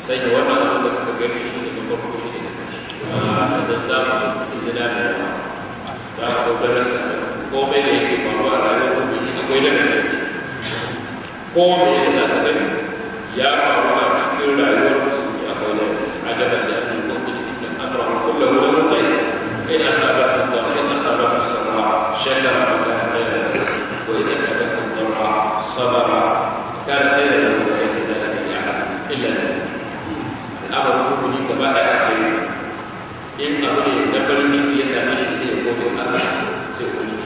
sanya wannan abin da kuka gani shi ne na farko shi ne na kashi a ah, zan za mu izina da yawa za a ko darasa komai da yake faruwa a rayuwar mutum akwai darasa ce komai da za ka gani ya faru a cikin rayuwar musulmi da ake musulmi kan akwai kullum da musulmi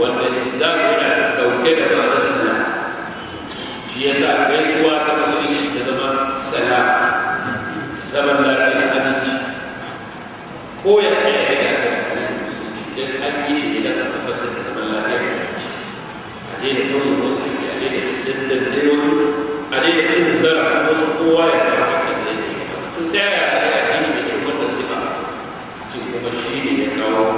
والإسلام yana ɗauke da ma'anar salam shi ya sa gaisuwa ta musulunci ta zama salam zaman lafiya aminci ko ya ɗaya daga kan musulunci idan an yi shi idan an tabbatar da zaman lafiya da aminci a daina tauye wasu haƙƙi a daina daddare wasu a daina cin zarafin wasu kowa ya samu haƙƙin sai ne ta yaya ne a dini da irin wannan sifa cin kuma shi ne ya kawo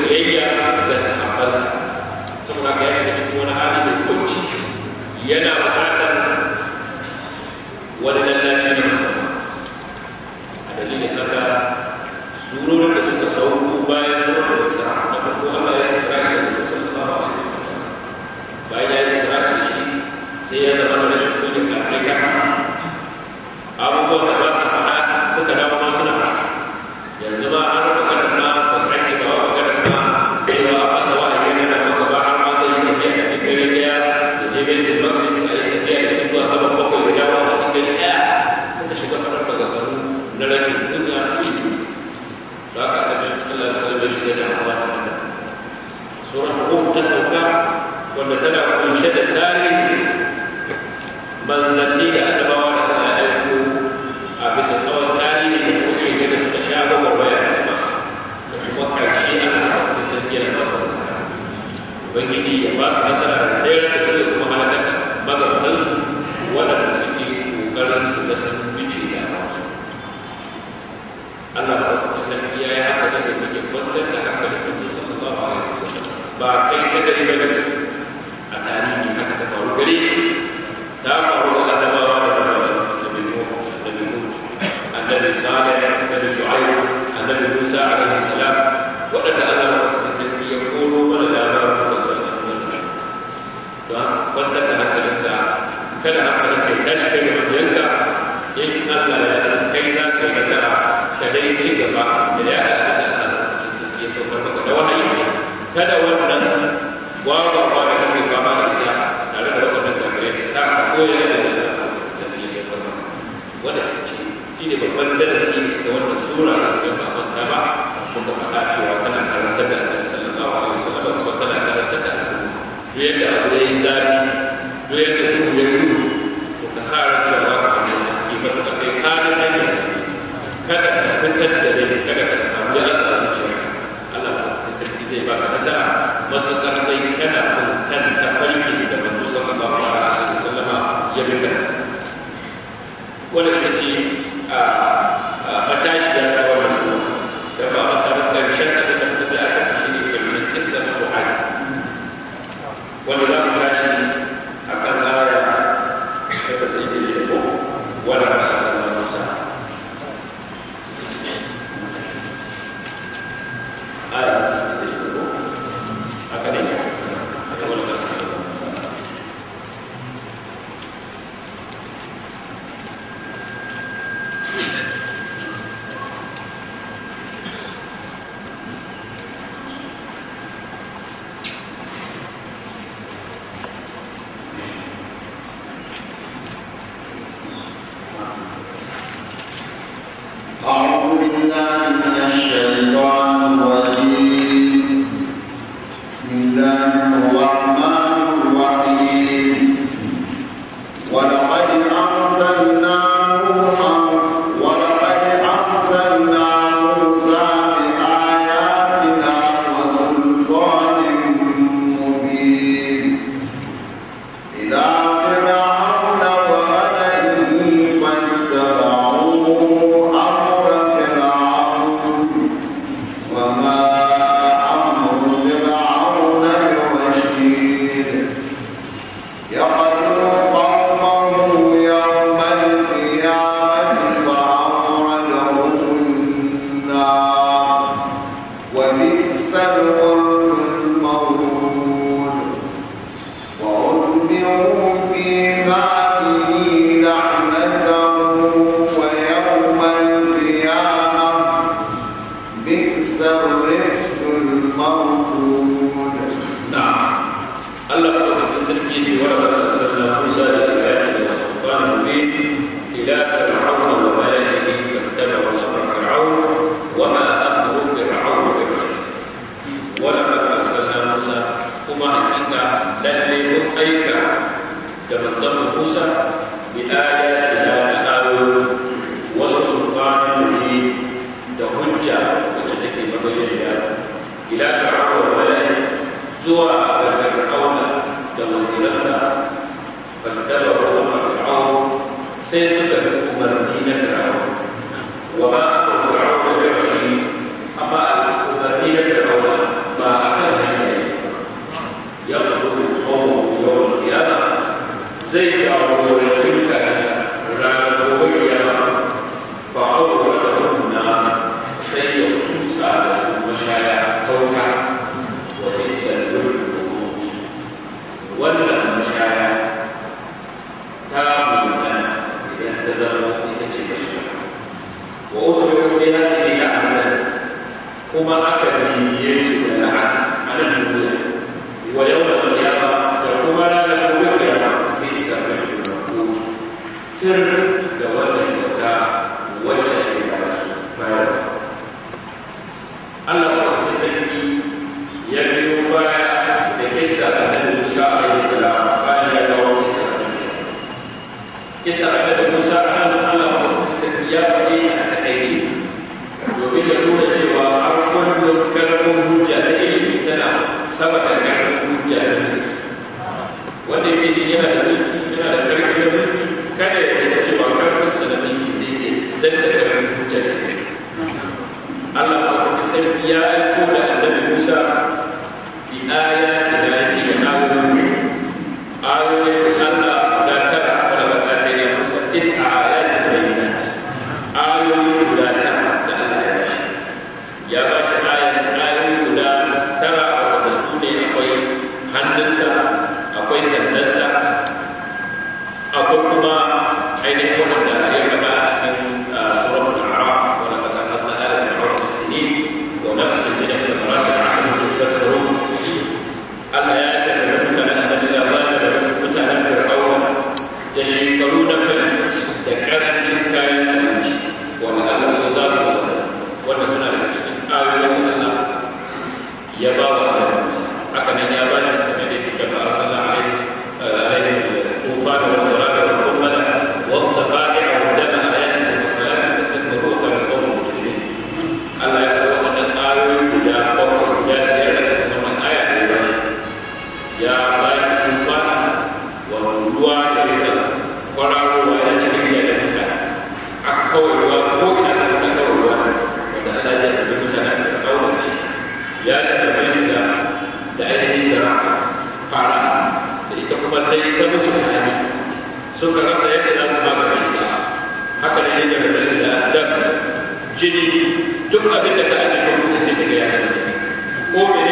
You know. ba sun wuce yaransu Allah ba ta sarki ya yi da kake kwantar da haka da kuma sallallahu alaihi wasallam ba kai kada ibada a tarihi haka ta faru gare shi ta faru suka rasa yadda za su magance cuta haka ne yake da su da dab jini duk abin da ka ajiye kuma sai daga ya halatta ko mene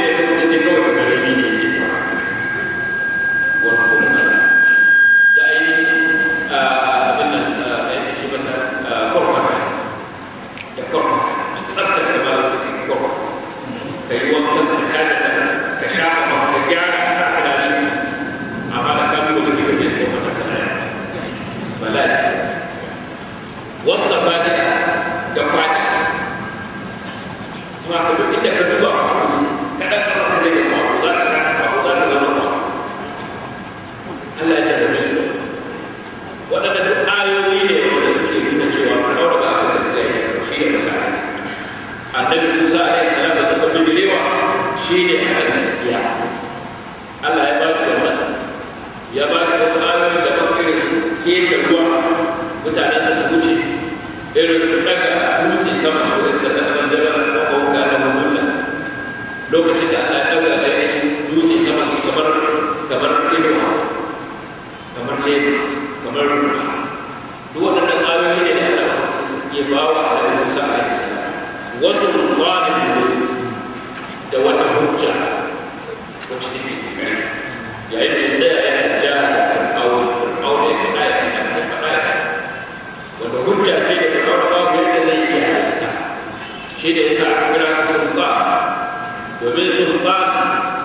هناك سلطان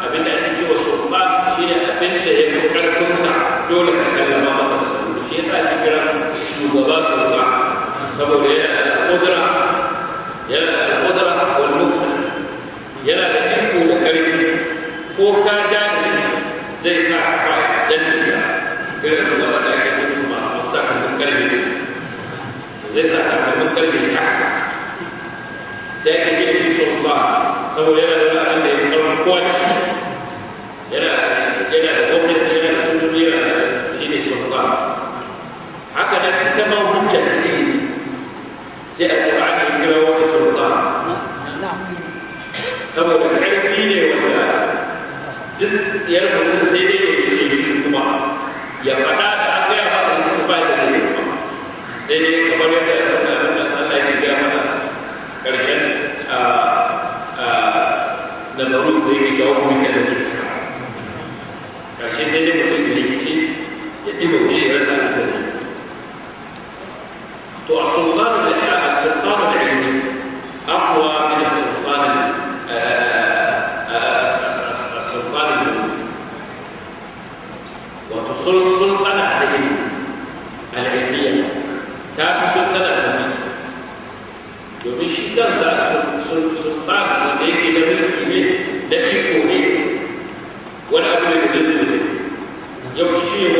abinda ake cewa sulba shi ne abin da ya fi dole ka sallama masa musulmi shi yasa ake kira shugaba saboda yana da al'udura yana da al'udura yana da iko da karfi ko ka zai sa ka irin da wanda ake ce musu masu mafita kan zai sa ka kan karfi ta sai ka ce shi sun ba saboda yana da ra'ayin da ya ɗan kwaci yana yana da gwamnati yana da sun haka nan ita ma hujja ta ne sai a kira kira wata sun ba saboda ƙarfi ne wanda duk yar mutum sai dai ya shirye shi kuma ya faɗa iri ka hukumi ka zai ƙarshe sai dai mutum da rikici ya ɗiba wuce ya rasa da zai to a sultanu da ya a sultanu da ilmi akwa min sultanu sultanu da wato sultanu ta ilmi al'ilmiya ta fi sultanu da domin shi kansa sultanu wanda yake da دقيق وليه ولا أبنى بذلك يوم يشيه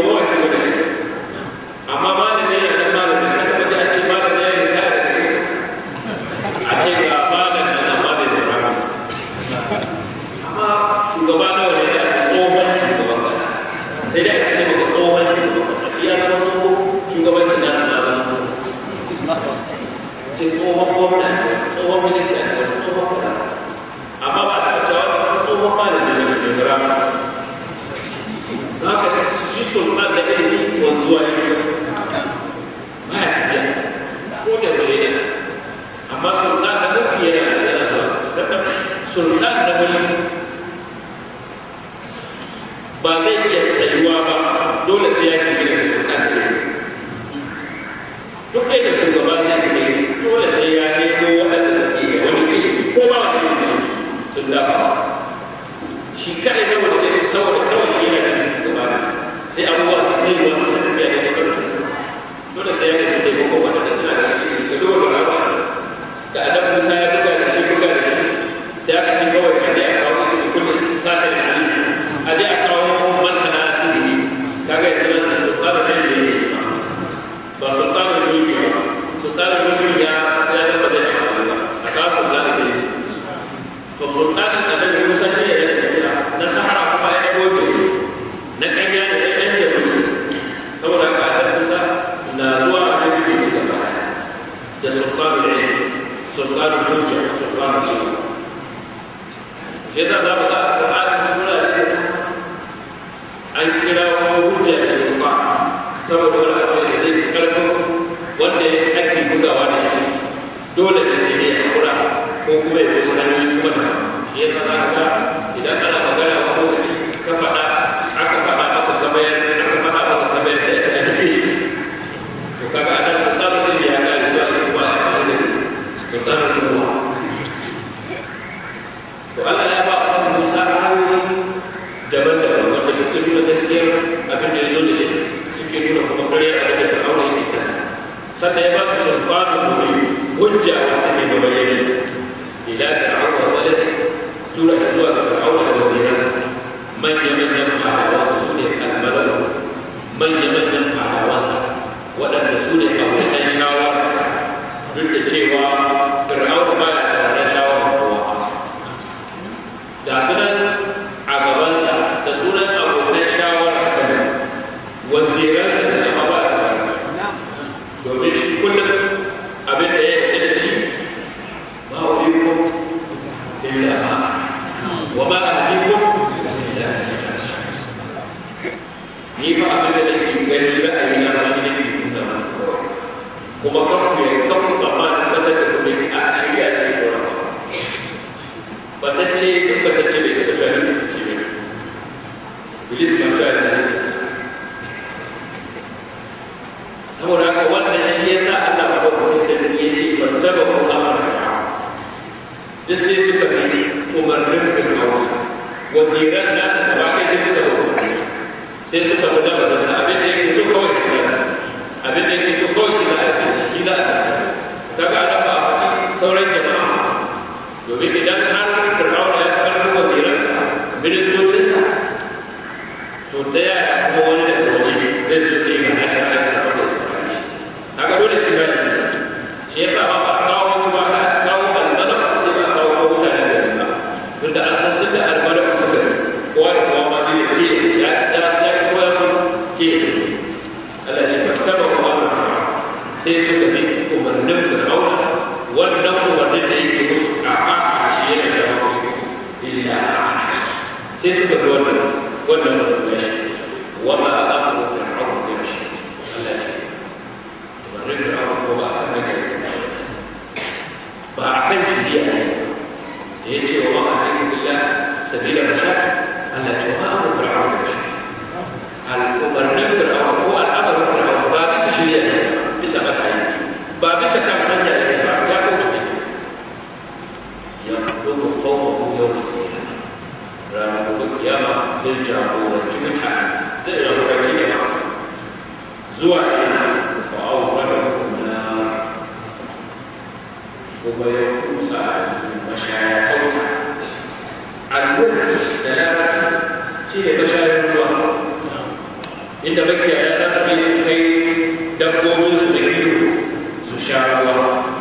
وجهك في القرآن الكريم shi yasa za mu ga alƙur'ani kula da an kira wa Già, واتبعوا امر فرعون. This is the umarnin وزيران ناس kuma ya kusa a cikin mashaya ta da lalata shi ne mashayar ruwa inda makiyaya za su kai su kai dabbobinsu da hiru su sha ruwa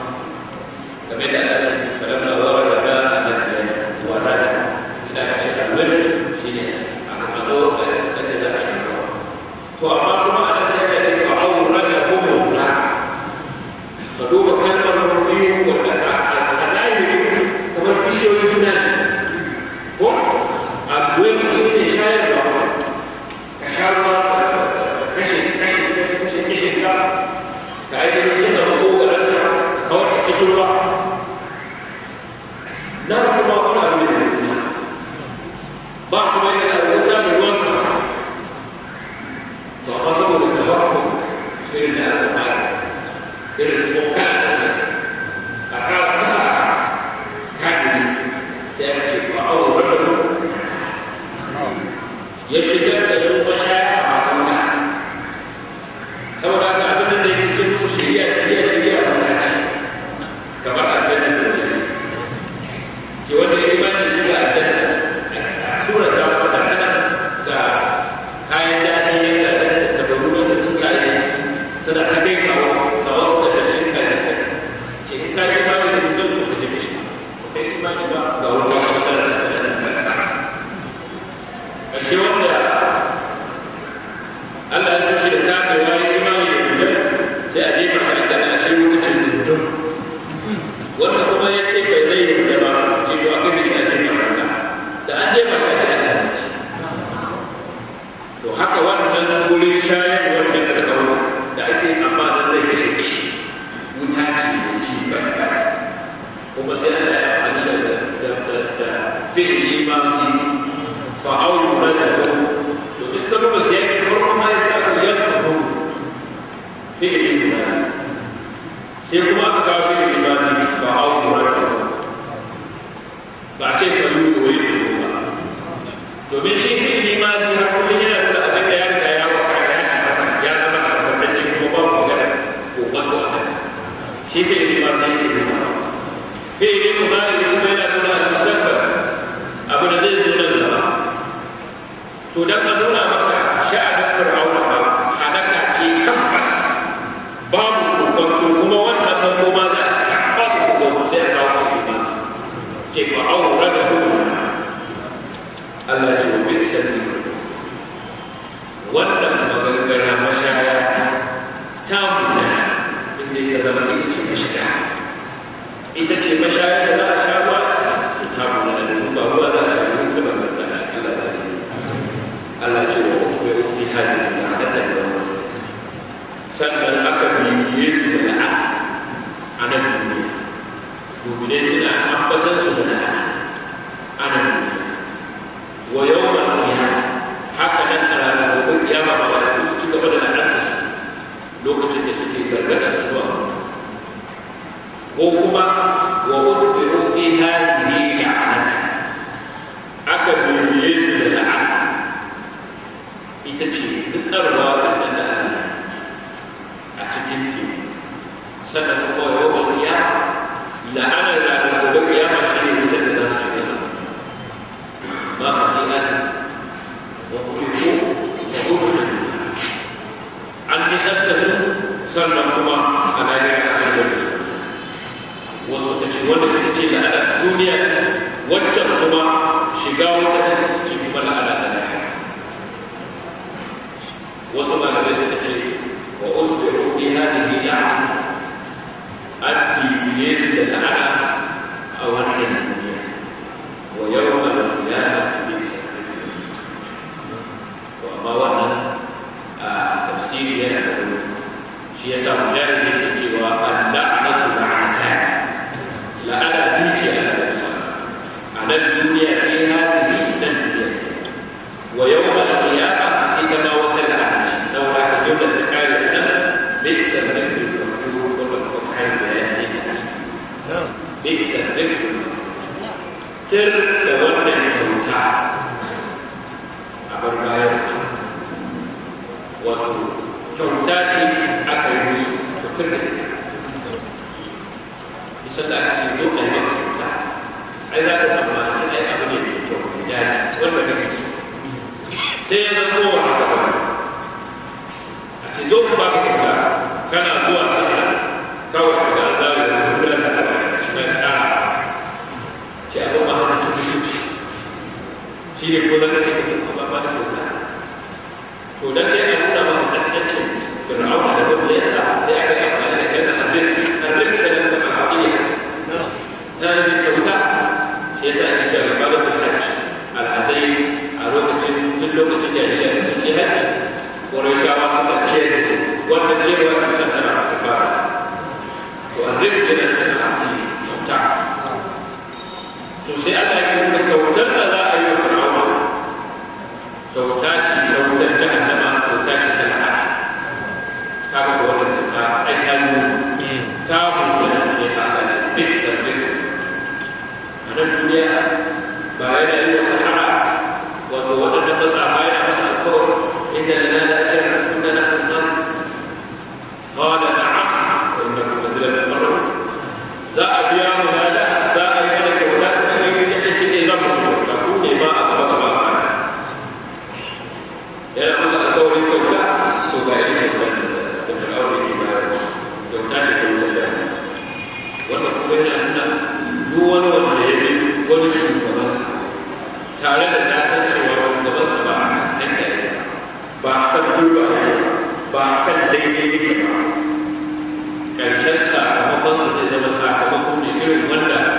你们现在还不成熟呢。yana nuna duk wani wanda ya bi wani shugabansa tare da ta san cewa shugabansa ba a nan da ya ba a kan duba ba a kan daidai yake ba ƙarshen sakamakonsa zai zama sakamako ne irin wanda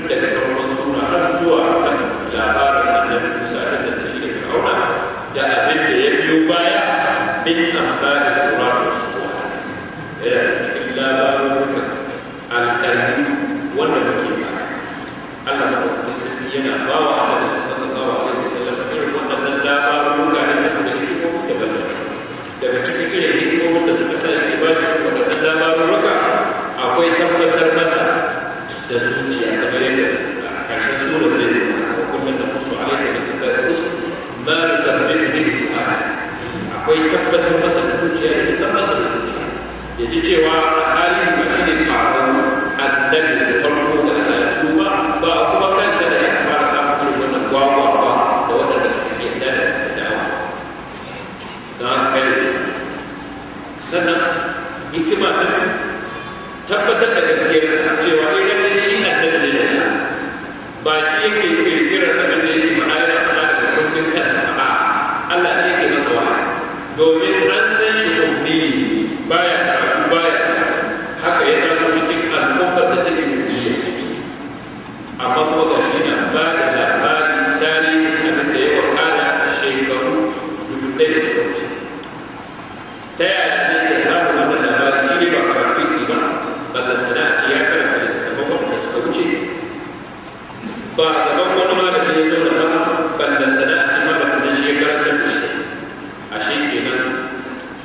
could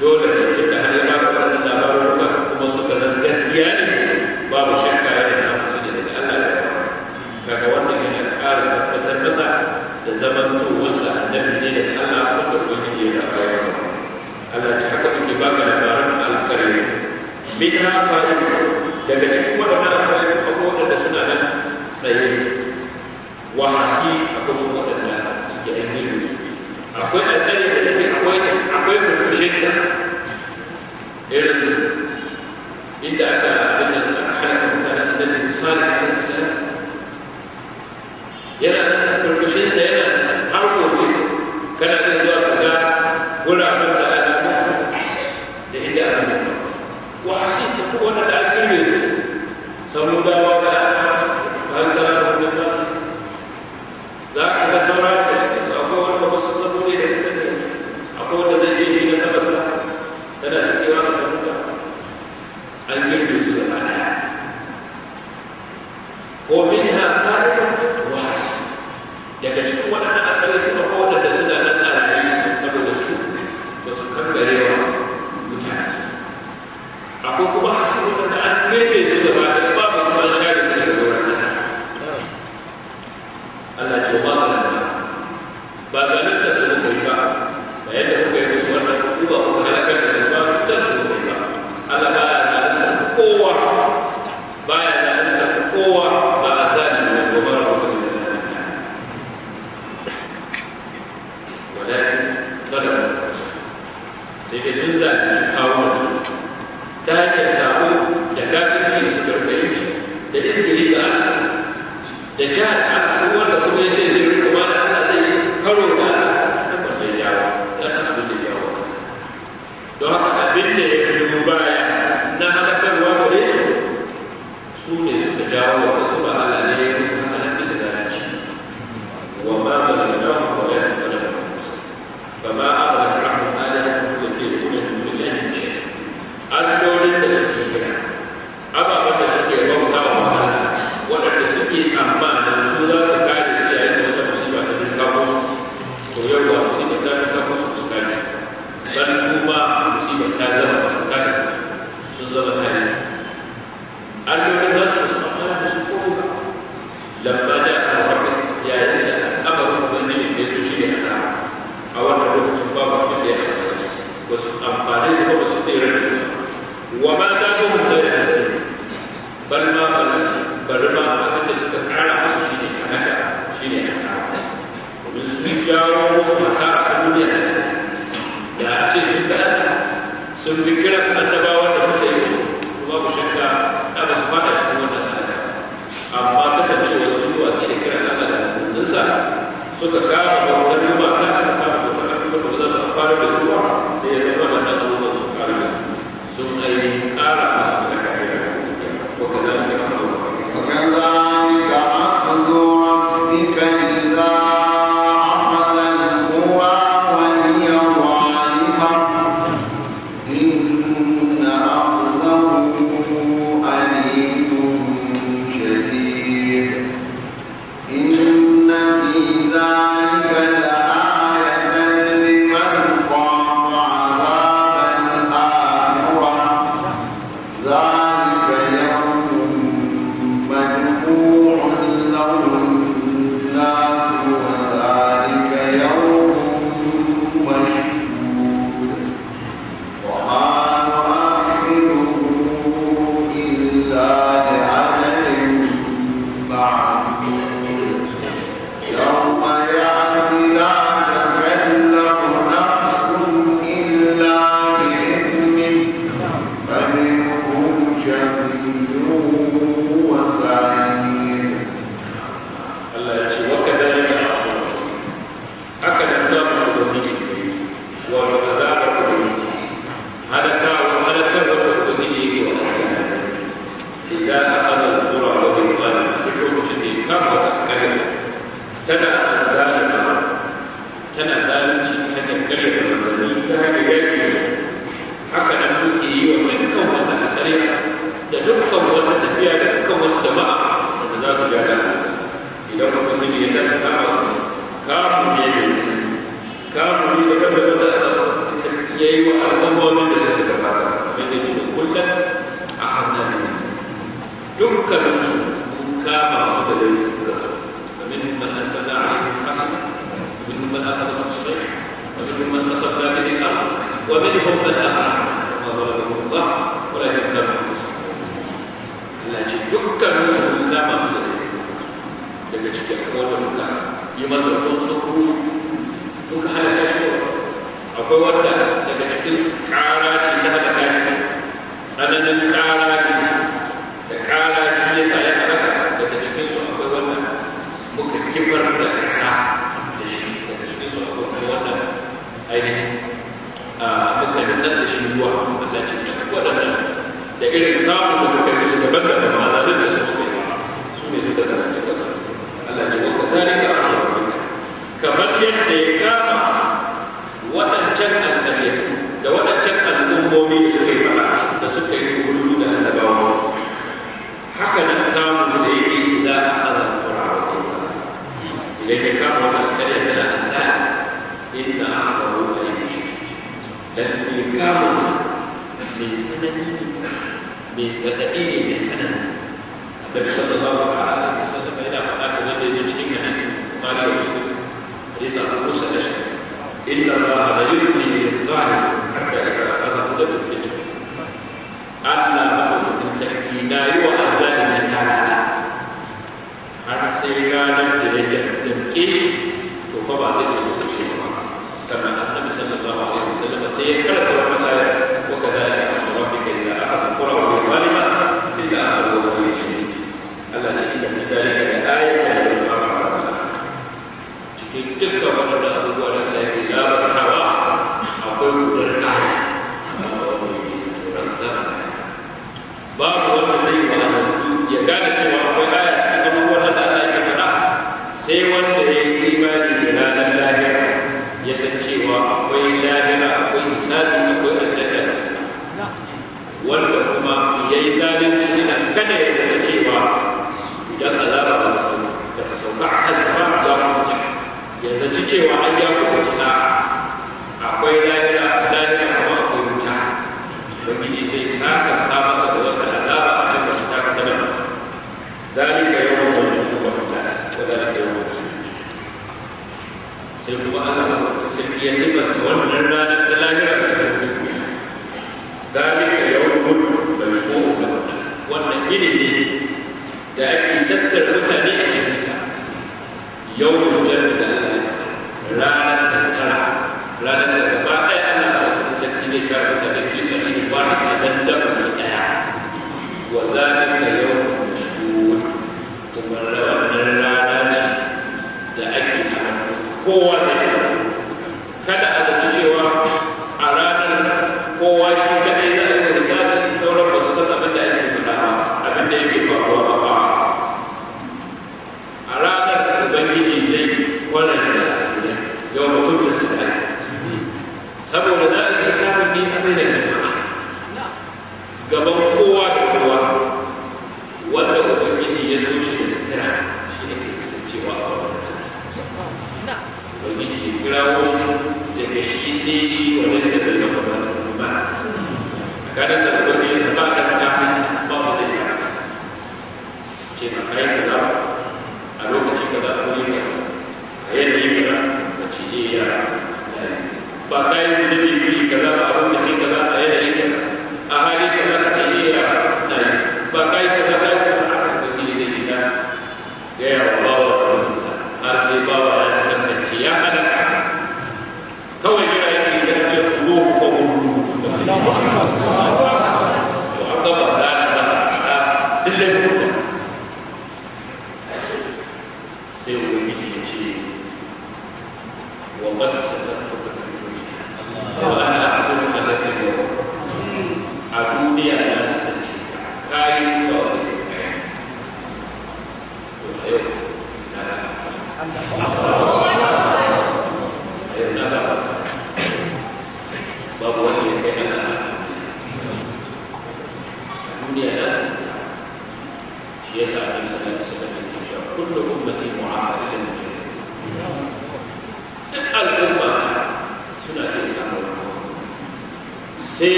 Yo le biya da dukkan wasu jama'a da za su gada idan ubangiji ya tafi kama su kamun ne da su kamun ne da kan da sarki ya yi wa al'ummomin da suka gabata abin da ce kullum a hannun ne dukkaninsu kama su da laifuka ومنهم من أرسلنا عليهم حسنا ومنهم من أخذ الصيح ومنهم من خسفنا به الأرض ومنهم من أخذ dukkanin su na masu da daga cikin wanda muka yi masa wasu kuru duka halaka shi akwai wanda daga cikin kara ce ta halaka shi tsananin kara ne da kara shi ya sa ya halaka daga cikin su akwai wanda muka kibar da kasa da shi daga cikin su akwai wanda ainihin ah, muka nisan da shi ruwa Allah ce ta waɗannan da irin kamun da kuka yi su daban da ba zalunta su ne su ne suka zana cikin ka Allah ce ka tare ka kamar yadda ya kama waɗancan nan karyatu da waɗancan al'ummomi da suka yi fara da suka yi kudu da annabawa haka nan kamun sai yake idan akhadha al-qur'an idan ya kama wata karyata da asali inna akhadahu alayhi shadid dan kamun sa mai tsanani بتدقيق حسنه النبي صلى الله الله عليه وسلم الى هناك الذي يجتمع الناس البخاري ومسلم حديث ابو موسى الاشعري ان الله لا يبني بالظاهر حتى اذا اخذ قدره في الجنه الا مخلوق سكي لا يوعى ذلك تعالى har sai ranar da ya damke shi to ba zai yi lokaci ba Jika kita kepada Allah Buat dan Lagi Lah berkawal Apa yang berkata ba'da ba'da mutum ya zaci cewa an ya kuma akwai rayuwa يوم الجمع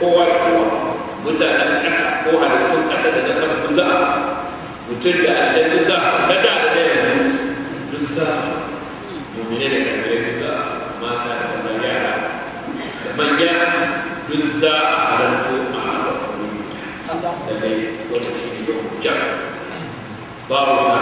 kowa da kowa mutanen ƙasa ko halittun ƙasa da na sama guza mutum da aljanni za a na da da ya zama duk za su mummune da ƙarfi guza mata da za a yara da manya duk za a halittu a halittu da dai wata shi ne da hujjar babu ta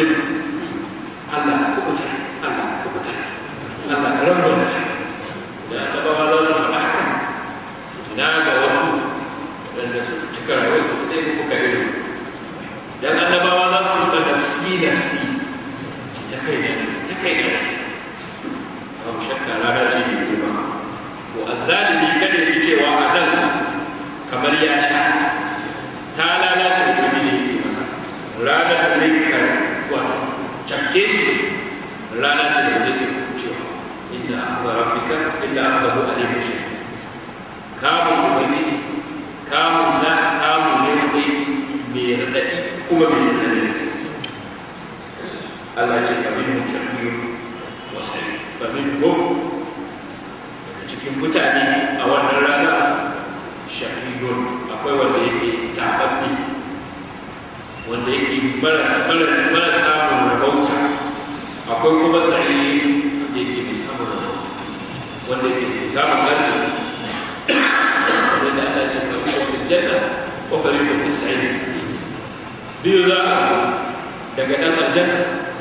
الدم قال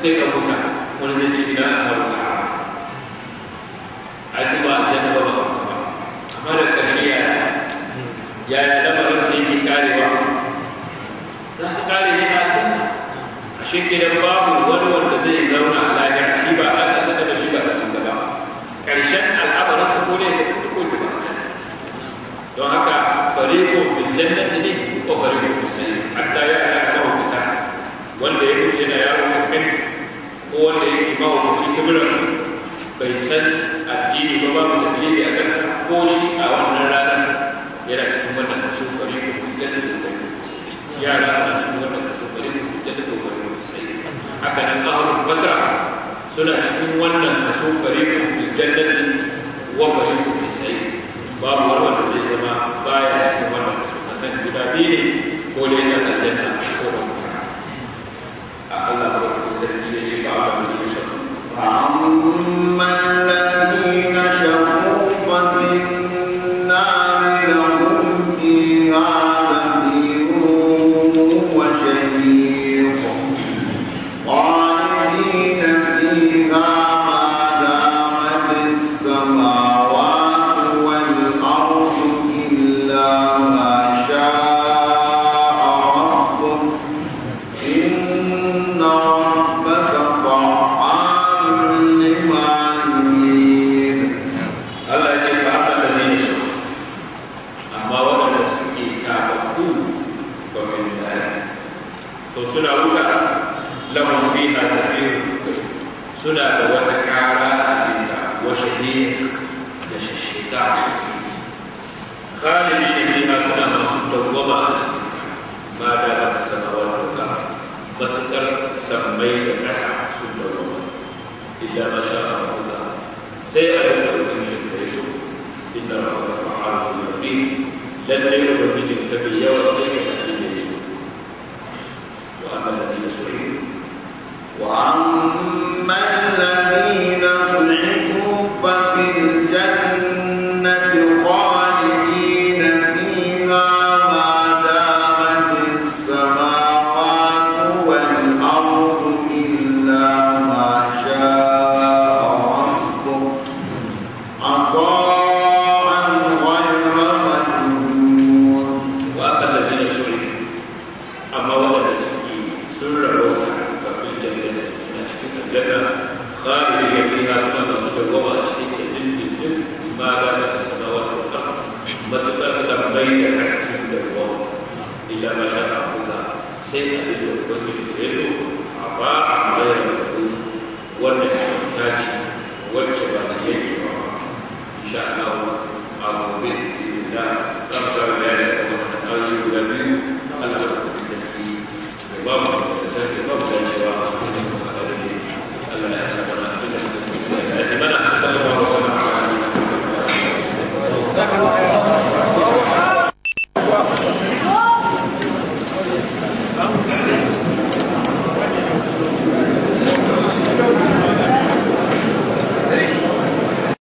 sai ka huta wani zai ce ina asbaru ka a ce ba da ba ba amma da ƙarshe ya ya lamarin sai yake karewa za su kare ne a aljanna a shekarar babu wani wanda zai zauna a lafiya shi ba a aljanna da shi ba aljanna ba ƙarshen al'amarin su ko ne da kuɗi ko ta ba don haka fariƙo fi jannati ne ko fariƙo fi kibra bai san addini ba babu a ko shi a wannan ranar yana suna cikin wannan kaso kwari ko kwari ko sai haka wannan kwari ko kwari ko sai babu wanda zai zama baya cikin ne سم ميتا الله إلا ما شاء الله سيأل له من جبريل إن ربك فعال لما يريد لن يؤمن بجبريل يوم بين يسوع وأما الذين سعيدوا وأما